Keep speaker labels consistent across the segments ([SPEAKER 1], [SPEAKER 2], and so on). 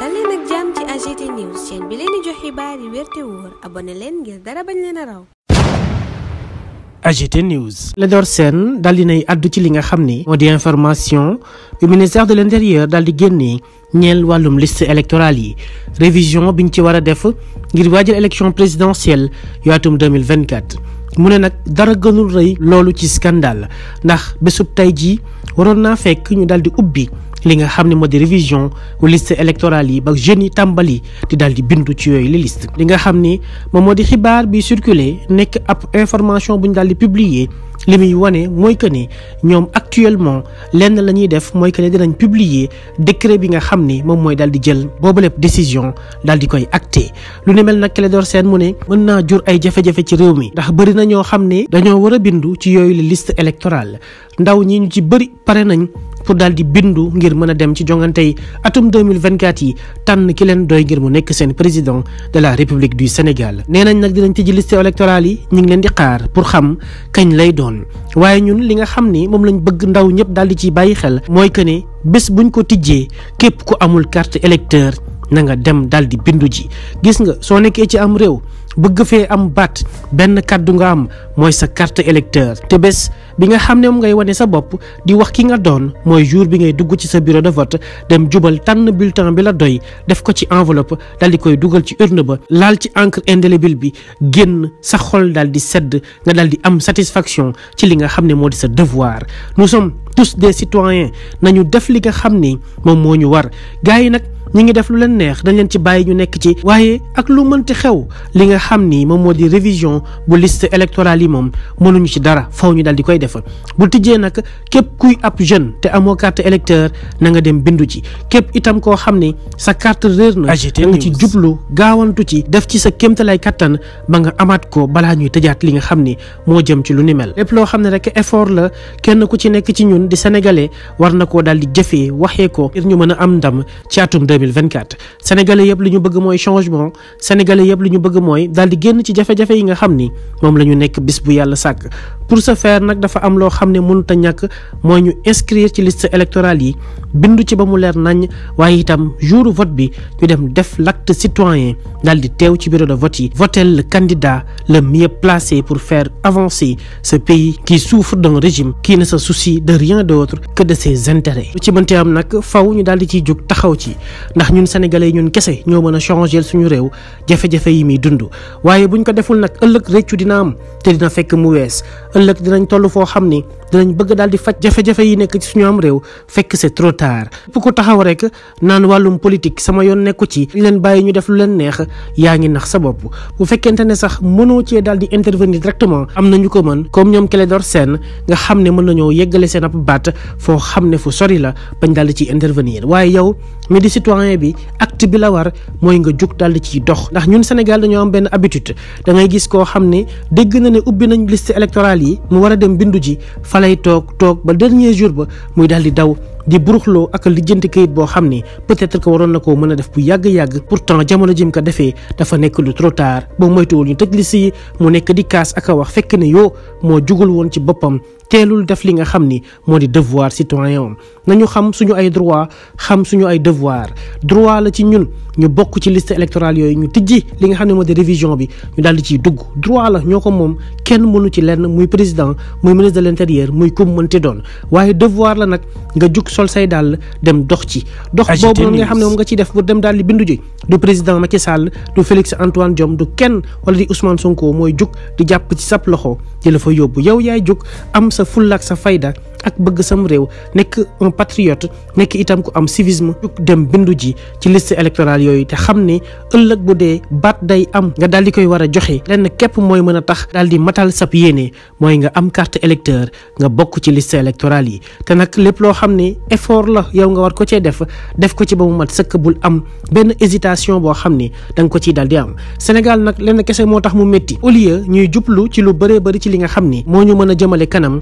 [SPEAKER 1] dal leen ak jàmm ci AGT news chaîne bi dal di jox nay àddu ci li nga xam ni. moo di information bi ministère de l'intérieur daal di génnee ñeel wàllum list électorale yi révision biñ ci war a def ngir waajal élection présidentielle yu atum 2024. mu ne nag dara gënul rëy loolu ci scandale ndax bésub tey jii waroon naa fekk ñu dal di ubbi li nga xam ne moo di révision list électorale yi ba jeunes yi tàmbali di daal di bindu ci yooyu li liste li nga xam ni moom moo di xibaar bi circulé nekk ab information bu ñu daal di publier li muy wane mooy que ni ñoom actuellement lenn la ñuy def mooy que ne dinañ publier décret bi nga xam ni moom mooy daal di jël boobu lépp décision daal di koy acté lu ne mel nag Clédor Sène mu ne mën naa jur ay jafe-jafe mi ndax bëri na ñoo xam ne dañoo war a bindu ci yooyu li liste électorale ndaw ñi ñu ci bëri pare nañ pour daal di bindu ngir mën dem ci jongante yi atum 2024 yi tànn ki leen doy ngir mu nekk seen président de la république du Sénégal. nee nañ nag dinañ tijji liste électorale yi ñu ngi leen di xaar pour xam kañ lay doon waaye ñun li nga xam ni moom lañ bëgg ndaw ñëpp daal di ciy bàyyi xel mooy que ne bés buñ ko tijjee képp ku amul carte électeur na nga dem dal di bindu ji gis nga soo nekkee ci am réew bëgg fee am baat benn kàddu nga am mooy sa carte électeur te bés bi nga xam ne moom ngay wane sa bopp di wax ki nga doon mooy jour bi ngay dugg ci sa bureau de dem jubal tànn bulletin bi la doy def ko ci enveloppe dal di koy dugal ci urne ba laal ci encre indélébile bi génn sa xol dal di sedd dal di am satisfaction ci li nga xam ne moo di sa devoir nous sommes tous des nañu def li nga xam ni moom moo ñu war gars nag ñu ngi def lu leen neex dañ leen ci bàyyi ñu nekk ci waaye ak lu mënti xew li nga xam ni moom moo di révision bu liste électorale yi moom mënuñu ci dara faw ñu daal di koy defal bu tijjee nag képp kuy ab jeune te amoo carte électeur na nga dem bindu ci képp itam koo xam ni sa carte réer na da nga ci jublu gaawantu ci def ci sa kéemtalaay kattan ba nga amaat ko balaa ñuy tëjaat li nga xam ni moo jëm ci lu ni mel lépp loo xam ne rek effort la kenn ku ci nekk ci ñun di sénégalais war na koo daal di jëfee waxee ko ñu mën a am ndam ci 2024 sénégalais yëpp li ñu bëgg mooy changement sénégalais yëpp li ñu bëgg mooy daal di génn ci jafe-jafe yi nga xam ni moom la ñu nekk bis bu yàlla sàkk pour sa faire nag dafa am loo xam ne mënut a ñàkk mooy ñu inscrire ci liste électorale yi bindu ci ba mu leer nañ waaye itam jour vote bi ñu dem def l'acte citoyen daal di teew ci bureau de vote yi voter le candidat le mieux placé pour faire avancer ce pays qui souffre d'un régime qui ne sa soucie de rien d'autre que de ses ci mënti am nag faw ñu daal di ciy jóg taxaw ci ndax ñun sénégalais ñun kese ñoo mën a changer suñu réew jafe-jafe yi muy dund waaye buñ ko deful nag ëllëg réccu dina am te dina fekk mu wees ëllëg dinañ toll foo xam ni dinañ bëgg daal di faj jafe-jafe yi nekk ci suñu am réew fekk c'est trop tard bu ko taxaw rek naan wàllum politique sama yoon nekku ci li leen bàyyi ñu def lu leen neex yaa ngi nax sa bopp bu fekkente ne sax mënoo cee daal di intervenir directement am ñu ko mën comme ñoom Clédor Sène nga xam ne mën nañoo yeggale seen ab baat foo xam ne fu sori la bañ daal di ciy intervenir waaye yow mi di citoyen bi acte bi la war mooy nga jug daal di ciy dox ndax ñun Sénégal dañoo am benn habitude da gis koo xam ne dégg na ne ubbi nañ liste électorale yi mu war a dem bindu ji lay toog toog ba dernier jour ba muy daal di daw di buruxloo ak lijjanti kayit boo xam ne peut-être que waroon na koo mën a def bu yàgg-yàgg pourtant jamono jëm ko defee dafa nekk lu trop tard ba moytuwul ñu tëj liste yi mu nekk di kaas ak a fekk ne yoo moo jugul woon ci boppam teelul def li nga xam ni moo di devoir citoyen na ñu xam suñu ay droit xam suñu ay devoir droit la ci ñun ñu bokk ci liste électorale yooyu ñu tijji li nga xam ne moo di révision bi ñu daal di ciy dugg droit la ñoo ko moom kenn mënu ci lenn muy président muy ministre de l'intérieur muy kum mënti doon waaye devoir la nag sol say dàll dem dox ci dox boobu noonu nga xam ne moom nga ciy def pour dem daal di bindu ji du président ma Macky Sall du Félix Antoine Diome du kenn wala di Ousmane Sonko mooy jug di jàpp ci sab loxo di la fa yóbbu yow yaay jug am sa fulla ak sa fayda ak bëgg sam réew nekk un patriote nekk itam ku am civisme dem bindu ji ci liste électorale yooyu te xam ne ëllëg bu dee baat day am nga daal di koy war a joxe lenn képp mooy mën a tax daal di matal sab yéene mooy nga am carte électeur nga bokk ci liste électorale yi te nag lépp loo xam ne effort la yow nga war ko cee def def ko ci ba mu mat sëkk bul am benn hésitation boo xam ne da ko ciy daal di am Sénégal nag lenn kese moo tax mu métti au lieu ñuy jublu ci lu bëree bëri ci li nga xam ne moo ñu mën a jëmale kanam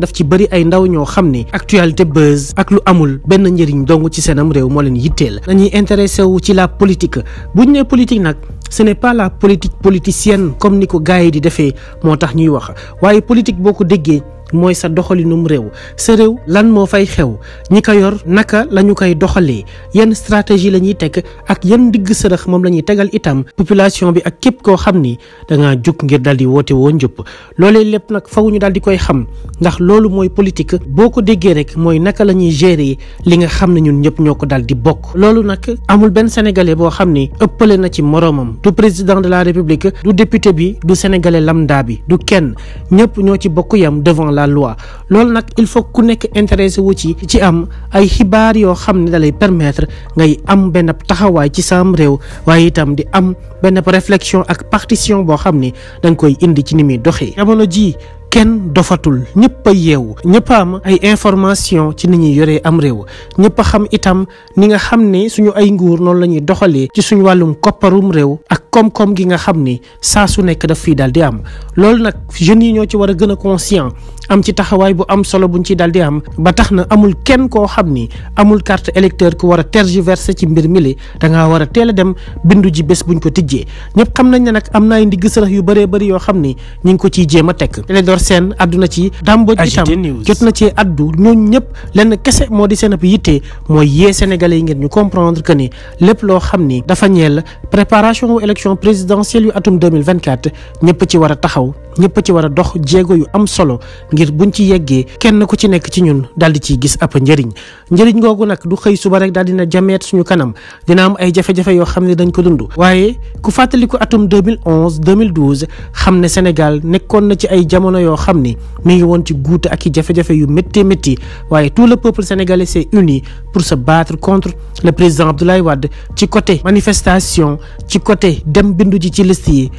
[SPEAKER 1] daf ci bëri ay ndaw ñoo xam ne actualité buzz ak lu amul benn njëriñ dong ci seenam réew moo leen yitteel dañuy intéressé wu ci la politique bu ñu nee politique nag ce n'est pas la politique politicienne comme ni ko gars yi di defee moo tax ñuy wax waaye politique boo ko déggee mooy sa doxalinum réew sa réew lan moo fay xew ñi ko yor naka la ñu koy doxalee yan stratégie la ñuy teg ak yan ndigg sërëx moom la ñuy tegal itam population bi ak képp koo xam ni da ngaa jug ngir daal di woote woo njëpp loole lépp nag faw ñu daal di koy xam ndax loolu mooy politique boo ko déggee rek mooy naka la ñuy gérer li nga xam ne ñun ñëpp ñoo ko daal di bokk loolu nag amul benn sénégalais boo xam ne ëppale na ci moroomam du président de la république du député bi du sénégalais lambda bi du kenn ñëpp ñoo ci bokk yam la loi loolu nag il faut ku nekk intéressé wu ci ci am ay xibaar yoo xam ne dalay permettre ngay am benn taxawaay ci sam réew waaye itam di am benn réflexion ak partition boo xam ni danga koy indi ci ni muy doxee a ji kenn dofatul ñëpp a yeewu ñëpp am ay information ci ni ñuy yoree am réew ñëpp a xam itam ni nga xam ne suñu ay nguur noonu la ñuy doxalee ci suñu wàllum kopparum réew ak koom-koom gi nga xam ni saa su nekk daf fii daal di am loolu nag jeunes yi ñoo ci war a gën a conscient am ci taxawaay bu am solo buñ ci dal di am ba tax na amul kenn koo xam ni amul carte électeur ku war a tergiverser ci mbir mi li dangaa war a teel a dem bindu ji bés buñ ko tijjee ñëpp xam nañ ne nag am na ay ndigg sërëx yu bëree bari yoo xam ni ñu ngi ko ciy jéem a tekk Clédor Sène àdduna ci dàmboj itam jot na ci addu ñooñu ñëpp lenn kese moo di seen ab yitte mooy yee sénégale yi ngeen ñu comprendre que ni lépp loo xam ni dafa ñeel préparation wu élection présidentielle yu atum 2024 ñëpp ci war a taxaw ñëpp ci war dox jéego yu am solo ngir buñ ci yeggee kenn ku ci nekk ci ñun daal di ciy gis ab njariñ njëriñ googu nag du xëy suba rek daal na jameet suñu kanam dina am ay jafe-jafe yoo xam ne dañ ko dund waaye ku fàttaliku atum 2011 2012 xam ne Sénégal nekkoon na ci ay jamono yoo xam ni mu ngi woon ci guute ak i jafe-jafe yu métti métti waaye tout le peuple sénégalais s'est uni pour se battre contre le président Abdoulaye Wade ci coté manifestation ci côté dem bindu ji ci liste yi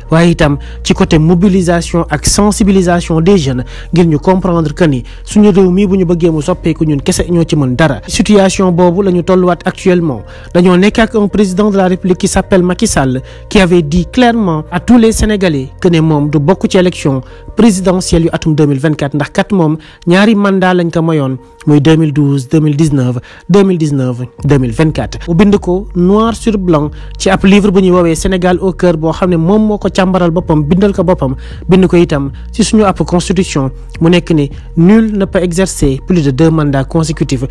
[SPEAKER 1] mobilisation ak sensibilisation des jeunes ngir ñu comprendre que ni suñu réew mii bu ñu bëggee mu soppeeku ñun kese ñoo ci mën dara situation boobu la ñu tolluwaat actuellement dañoo nekk ak un président de la république qui s'appelle Macky Sall qui avait dit clairement à tous les Sénégalais que ne moom du bokk ci élection présidentielle yu atum 2024 ndax kat moom ñaari mandat lañ ko mayoon muy 2012 2019 2019 2024. mu bind ko noir sur blanc ci ab livre bu ñuy woowee Sénégal au cœur boo xam ne moom moo ko càmbaral boppam bindal ko boppam bind ko itam ci suñu ab constitution mu nekk ni nul ne peut plus de deux mandats consécutifs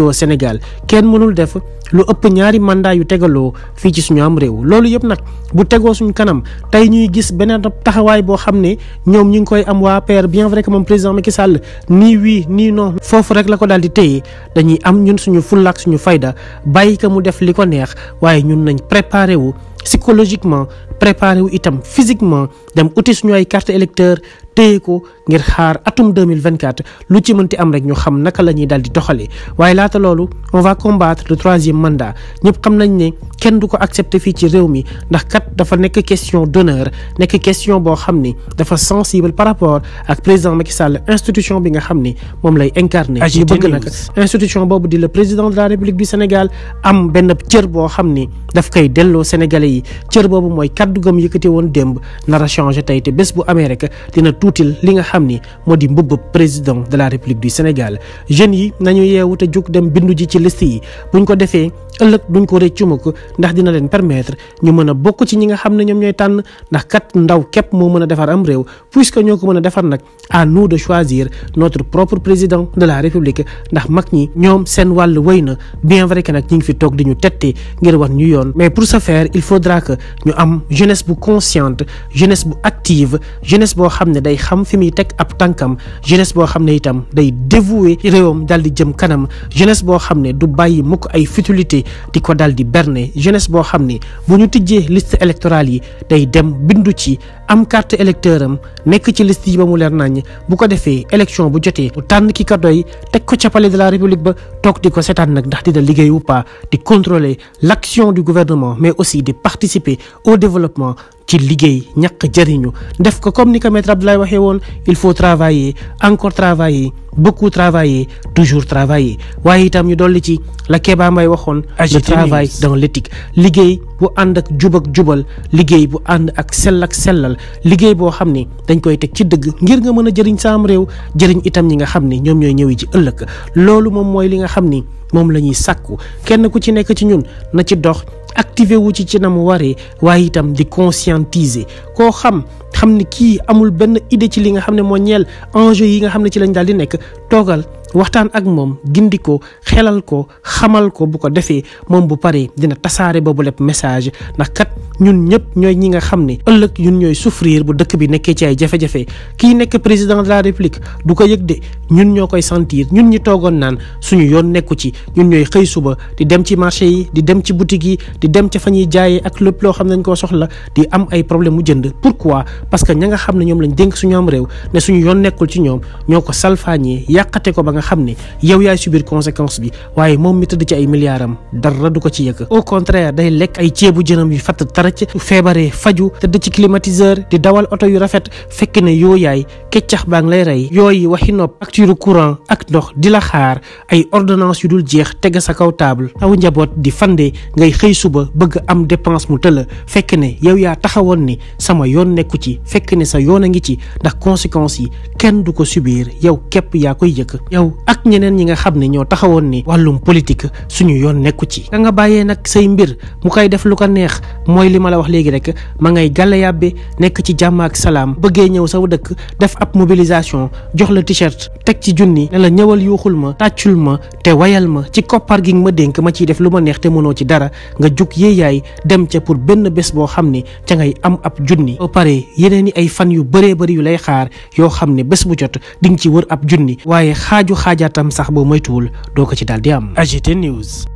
[SPEAKER 1] au Sénégal kenn mënul def lu ëpp ñaari mandaa yu tegaloo fii ci suñu am réew loolu yëpp nag bu tegoo suñu kanam tey ñuy gis beneen taxawaay boo xam ne ñoom ñu ngi koy am waa PR bien vrai que moom président ki Sall nii oui nii non foofu rek la ko daal di téye dañuy am ñun suñu fullaak suñu fayda bàyyi ko mu def li ko neex waaye ñun nañ préparé wu psychologiquement préparé wu itam physiquement dem uti suñu ay carte électeur téye ko ngir xaar atum 2024 lu ci mënti am rek ñu xam naka lañuy ñuy daal di doxalee waaye laata loolu on va combattre le troisième mandat ñëpp xam nañ ne kenn du ko accepter fii ci réew mi ndax kat dafa nekk question d'honneur nekk question boo xam ni dafa sensible par rapport ak président Macky Sall institution bi nga xam ni moom lay incarner ñu bëgg nag institution boobu di le président de la République du Sénégal am benn cër boo xam ni daf koy delloo Sénégalais yi cër boobu mooy kaddu gëm yëkkati woon démb nar a changé tey bu amee rek dina tuutil li nga xam ni moo di mbubb président de la république du Sénégal jeunes yi nañu yeewu te jóg dem bindu ji ci liste yi bu ñu ko defee ëllëg duñ ko rëccu mukk ndax dina leen permettre ñu mën a bokk ci ñi nga xam ne ñoom ñooy tànn ndax kat ndaw képp moo mën a defar am réew puisque ñoo ko mën a defar nag à nou de choisir notre propre président de la république ndax mag ñi ñoom seen wàll wey na bien vrai que nag ñi ngi fi toog di ñu tette ngir wax ñu yoon mais pour ce faire il faudra que ñu am jeunesse bu consciente jeunesse bu active jeunesse boo xam ne day xam fi muy teg ab tànkam jeunesse boo xam ne itam day dévoué réewam daal di jëm kanam jeunesse boo xam ne du bàyyi mukk ay futilité di ko dal di berne jeunesse boo xam ne bu ñu tijjee list électorale yi day dem bindu ci am carte électeur am nekk ci liste yi ba mu leer naññ bu ko defee élection bu jotee bu tànn ki ko doy teg ko ca palais de la république ba toog di ko seetaan nag ndax dina liggéey ou pas di contrôler l'action du gouvernement mais aussi di participer au développement ci liggéey ñàkk jëriñu def ko comme ni ko maître Abdoulaye waxee woon il faut travailler encore travailler beaucoup travailler toujours travailler waaye itam ñu dolli ci la Kéba Mbaye waxoon le travail dans l'éthique liggéey bu ànd ak jub jubal liggéey bu ànd ak sell ak sellal liggéey boo xam ne dañ koy teg ci dëgg ngir nga mën a jëriñ saam réew jëriñ itam ñi nga xam ne ñoom ñooy ñëwi ji ëllëg loolu moom mooy li nga xam ni moom la ñuy sàkku kenn ku ci nekk ci ñun na ci dox activé wu ci ci na mu waree waaye itam di conscientiser koo xam xam ne kii amul benn idée ci li nga xam ne moo ñeel enjeu yi nga xam ne ci lañ daal di nekk toogal waxtaan ak moom gindi ko xelal ko xamal ko bu ko defee moom bu paree dina tasaare boobu lépp message ndax kat ñun ñëpp ñooy ñi nga xam ne ëllëg ñun ñooy souffrir bu dëkk bi nekkee ci ay jafe-jafe kii nekk président de la république du ko yëg de ñun ñoo koy sentir ñun ñi toogoon naan suñu yoon nekku ci ñun ñooy xëy suba di dem ci marché yi di dem ci boutique yi di dem ca fa ñuy jaayee ak lépp loo xam ne koo soxla di am ay problème mu jënd pourquoi parce que ña nga xam ne ñoom lañ dénk suñu am réew suñu yoon nekkul ci ñoom ñoo ko salfaañee yàqate ko ba nga xam ni yow yaay subir conséquence bi waaye moom mi tëdd ci ay milliards am dara du ko ci yëg au contraire day lekk ay ceebu jënam yu fatt tara wàcc feebaree faju tëdd ci climatiseur di dawal oto yu rafet fekk ne yooyaay keccax baa ngi lay rey yooyu waxi nopp facture courant ak ndox di la xaar ay ordonnance yu dul jeex tege sa kaw taable aw njaboot di fande ngay xëy suba bëgg am dépense mu tëla fekk ne yow yaa taxawoon ni sama yoon nekku ci fekk ne sa yoon a ngi ci ndax conséquences yi kenn du ko subir yow képp yaa koy yëkk yow ak ñeneen ñi nga xam ne ñoo taxawoon ni wàllum politique suñu yoon nekku ci ka nag say mbir mu koy def lu li ma la wax léegi rek ma ngay gàlla yàbbe nekk ci jàmm ak salaam bëggee ñëw saw dëkk def ab mobilisation jox la t-shirt teg ci junni ne la ñëwal yuuxul ma tàccul ma te wayal ma ci koppar gi ma dénk ma ciy def lu ma neex te mënoo ci dara nga jug yéeyaay dem ca pour benn bés boo xam ne ca ngay am ab junni ba pare yeneen i ay fan yu bëree bëri yu lay xaar yoo xam ne bés bu jot di nga ci wër ab junni waaye xaaju xaajaatam sax boo moytuwul doo ko ci daal di am AGT News